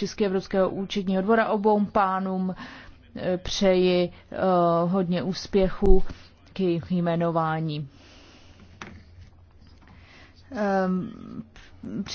České Evropského účetního dvora. Obou pánům e, přeji e, hodně úspěchu k jejich jmenování ehm,